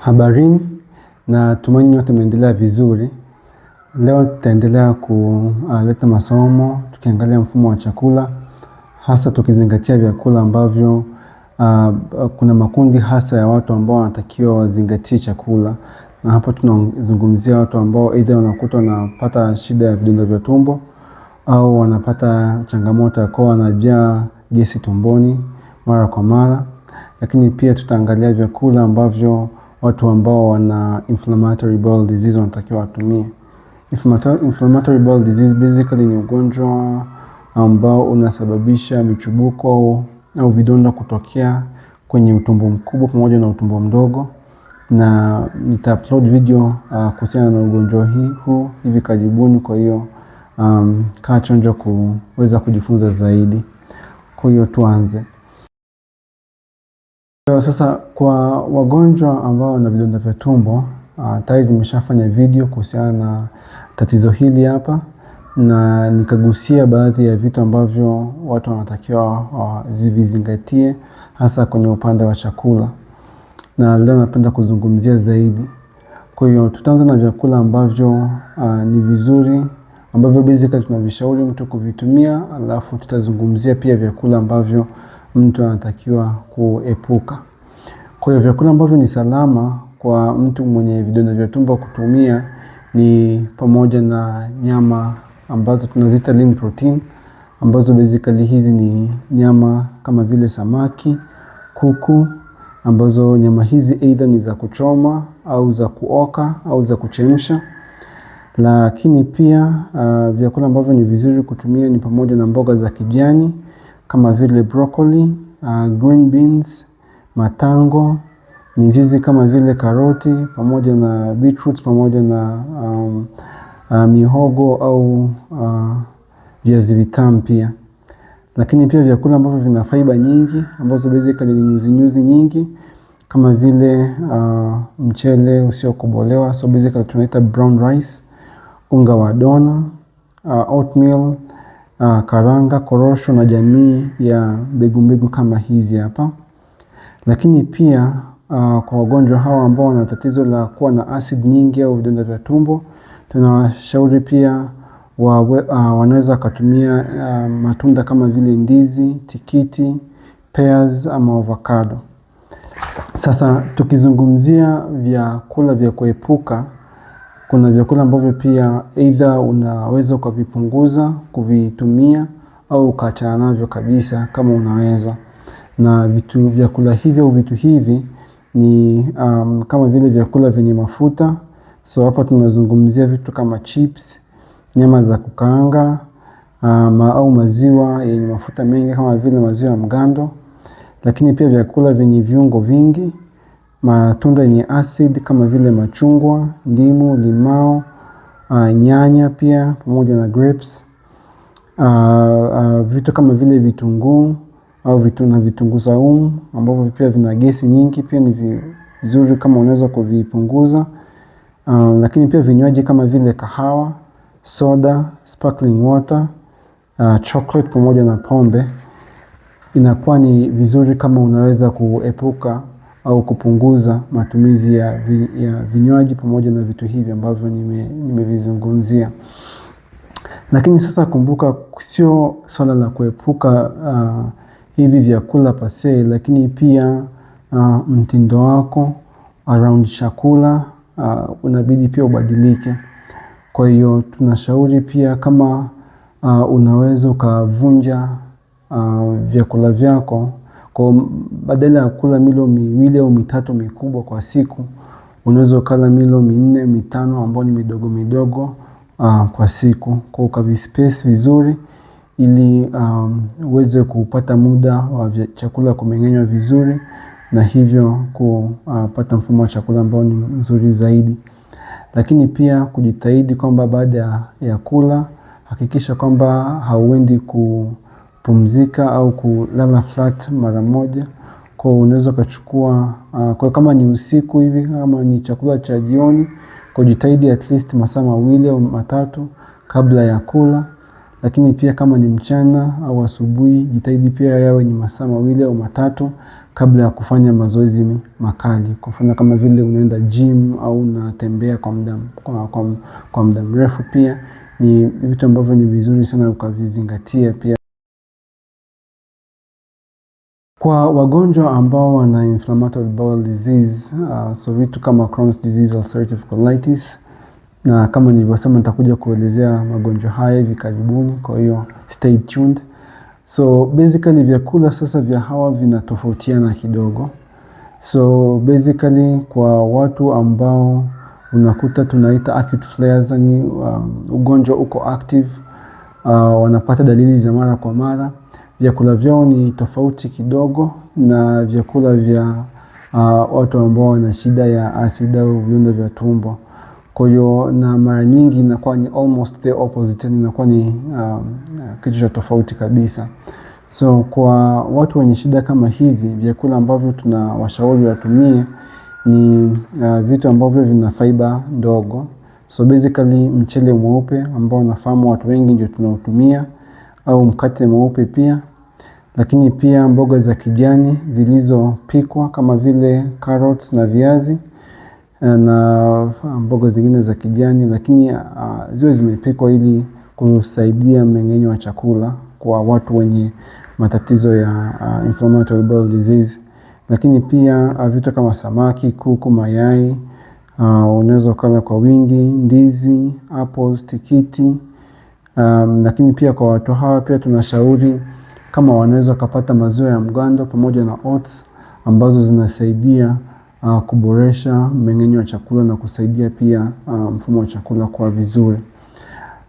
Habarini na tumaini, yote imeendelea vizuri. Leo tutaendelea kuleta uh, masomo tukiangalia mfumo wa chakula, hasa tukizingatia vyakula ambavyo uh, kuna makundi hasa ya watu ambao wanatakiwa wazingatie chakula na hapa tunazungumzia watu ambao aidha wanakuta wanapata shida ya vidonda vya tumbo au wanapata changamoto ya kuwa wanajaa gesi tumboni mara kwa mara, lakini pia tutaangalia vyakula ambavyo watu ambao wana inflammatory bowel disease wanatakiwa watumie. Inflammatory bowel disease basically ni ugonjwa ambao unasababisha michubuko au vidonda kutokea kwenye utumbo mkubwa pamoja na utumbo mdogo na upload video uh, kuhusiana na ugonjwa huu hivi karibuni. Kwa hiyo um, kaa chonjo kuweza kujifunza zaidi. Kwa hiyo tuanze. Kwa sasa kwa wagonjwa ambao wana vidonda vya tumbo uh, tayari nimeshafanya video kuhusiana na tatizo hili hapa na nikagusia baadhi ya vitu ambavyo watu wanatakiwa wazivizingatie hasa kwenye upande wa chakula na leo napenda kuzungumzia zaidi. Kwa hiyo tutaanza na vyakula ambavyo uh, ni vizuri ambavyo basically tunavishauri mtu kuvitumia, alafu tutazungumzia pia vyakula ambavyo mtu anatakiwa kuepuka. Kwa hiyo vyakula ambavyo ni salama kwa mtu mwenye vidonda vya tumbo kutumia ni pamoja na nyama ambazo tunaziita lean protein, ambazo basically hizi ni nyama kama vile samaki, kuku, ambazo nyama hizi aidha ni za kuchoma au za kuoka au za kuchemsha. Lakini pia uh, vyakula ambavyo ni vizuri kutumia ni pamoja na mboga za kijani kama vile broccoli, uh, green beans, matango, mizizi kama vile karoti pamoja na beetroot pamoja na um, uh, mihogo au uh, viazi vitamu pia lakini pia vyakula ambavyo vina fiber nyingi ambazo basically ni nyuzi nyuzi nyingi kama vile uh, mchele usiokobolewa so basically tunaita brown rice, unga wa dona uh, oatmeal uh, karanga, korosho na jamii ya mbegu mbegu kama hizi hapa. Lakini pia uh, kwa wagonjwa hawa ambao wana tatizo la kuwa na acid nyingi au vidonda vya tumbo tunawashauri pia Uh, wanaweza wakatumia uh, matunda kama vile ndizi, tikiti, pears ama avocado. Sasa tukizungumzia vyakula vya kuepuka, kuna vyakula ambavyo pia either unaweza ukavipunguza kuvitumia au ukaachana navyo kabisa kama unaweza. Na vitu vyakula hivyo au vitu hivi ni um, kama vile vyakula vyenye mafuta, so hapa tunazungumzia vitu kama chips, nyama za kukaanga ama, ah, au maziwa yenye mafuta mengi kama vile maziwa ya mgando, lakini pia vyakula vyenye viungo vingi, matunda yenye asidi kama vile machungwa, ndimu, limao, ah, nyanya pia pamoja na grapes, ah, vitu kama vile vitunguu au vitu na vitunguu saumu ambavyo pia vina gesi nyingi, pia ni vizuri kama unaweza kuvipunguza. Lakini pia vinywaji kama vile kahawa soda, sparkling water, uh, chocolate pamoja na pombe, inakuwa ni vizuri kama unaweza kuepuka au kupunguza matumizi ya, vi, ya vinywaji pamoja na vitu hivi ambavyo nimevizungumzia nime lakini sasa kumbuka, sio swala la kuepuka uh, hivi vyakula pasee, lakini pia uh, mtindo wako around chakula uh, unabidi pia ubadilike. Kwa hiyo tunashauri pia kama uh, unaweza ukavunja uh, vyakula vyako kwa badala ya kula milo miwili au mitatu mikubwa kwa siku, unaweza ukala milo minne mitano ambayo ni midogo midogo uh, kwa siku kwa ukavispace vizuri ili um, uweze um, kupata muda wa chakula kumeng'enywa vizuri na hivyo kupata uh, mfumo wa chakula ambao ni mzuri zaidi. Lakini pia kujitahidi kwamba baada ya kula hakikisha kwamba hauendi kupumzika au kulala flat mara moja. Kwa unaweza ukachukua uh, kama ni usiku hivi kama ni chakula cha jioni kujitahidi at least masaa mawili au matatu kabla ya kula. Lakini pia kama ni mchana au asubuhi jitahidi pia yawe ni masaa mawili au matatu kabla ya kufanya mazoezi makali. Kwa mfano kama vile unaenda gym au unatembea kwa muda kwa muda mrefu pia ni vitu ambavyo ni vizuri sana ukavizingatia pia. Kwa wagonjwa ambao wana inflammatory bowel disease, uh, so vitu kama Crohn's disease, ulcerative colitis, na kama nilivyosema nitakuja kuelezea magonjwa haya hivi karibuni, kwa hiyo stay tuned. So basically vyakula sasa vya hawa vinatofautiana kidogo. So basically kwa watu ambao unakuta tunaita acute flares, yani um, ugonjwa uko active uh, wanapata dalili za mara kwa mara, vyakula vyao ni tofauti kidogo na vyakula vya uh, watu ambao wana shida ya asidi au vya tumbo. Kwa hiyo na mara nyingi inakuwa ni almost the opposite, yani inakuwa ni um, kitu cha tofauti kabisa. So kwa watu wenye shida kama hizi, vyakula ambavyo tunawashauri watumie ni uh, vitu ambavyo vina faiba ndogo. So basically mchele mweupe ambao nafahamu watu wengi ndio tunautumia au mkate mweupe pia, lakini pia mboga za kijani zilizopikwa kama vile carrots na viazi na ah, mboga zingine za kijani, lakini uh, ziwe zimepikwa ili kusaidia mmeng'enyo wa chakula kwa watu wenye matatizo ya uh, inflammatory bowel disease. Lakini pia uh, vitu kama samaki, kuku, mayai uh, unaweza ukala kwa wingi, ndizi, apples, tikiti um, lakini pia kwa watu hawa pia tunashauri kama wanaweza wakapata maziwa ya mgando pamoja na oats ambazo zinasaidia uh, kuboresha mmeng'enyo wa chakula na kusaidia pia uh, mfumo wa chakula kuwa vizuri.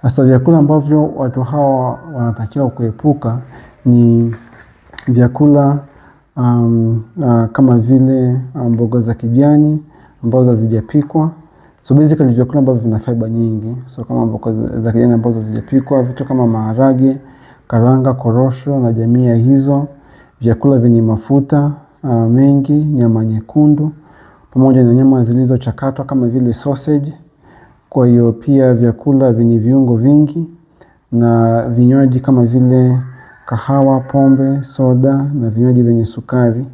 Hasa vyakula ambavyo watu hawa wanatakiwa kuepuka ni vyakula um, uh, kama vile uh, mboga za kijani ambazo hazijapikwa. So basically vyakula ambavyo vina fiber nyingi, so kama mboga za kijani ambazo hazijapikwa, vitu kama maharage, karanga, korosho na jamii ya hizo, vyakula vyenye mafuta uh, mengi, nyama nyekundu pamoja na nyama zilizochakatwa kama vile sausage. Kwa hiyo pia vyakula vyenye viungo vingi na vinywaji kama vile kahawa, pombe, soda na vinywaji vyenye sukari,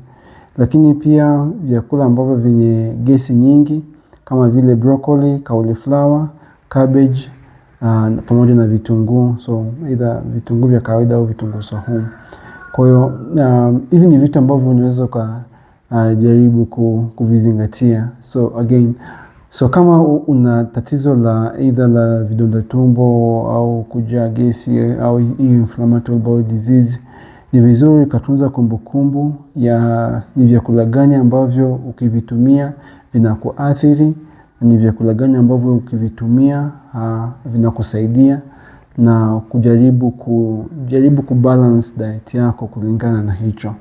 lakini pia vyakula ambavyo vyenye gesi nyingi kama vile broccoli, cauliflower, cabbage ah, pamoja na vitunguu so either vitunguu vya kawaida au vitunguu saumu. Kwa hiyo ah, hivi ni vitu ambavyo unaweza kwa uh, jaribu kuvizingatia. So again, so kama una tatizo la aidha la vidonda tumbo au kujaa gesi au inflammatory bowel disease, ni vizuri ukatunza kumbukumbu ya ni vyakula gani ambavyo ukivitumia vinakuathiri, ni vyakula gani ambavyo ukivitumia uh, vinakusaidia na kujaribu, kujaribu kubalance diet yako kulingana na hicho.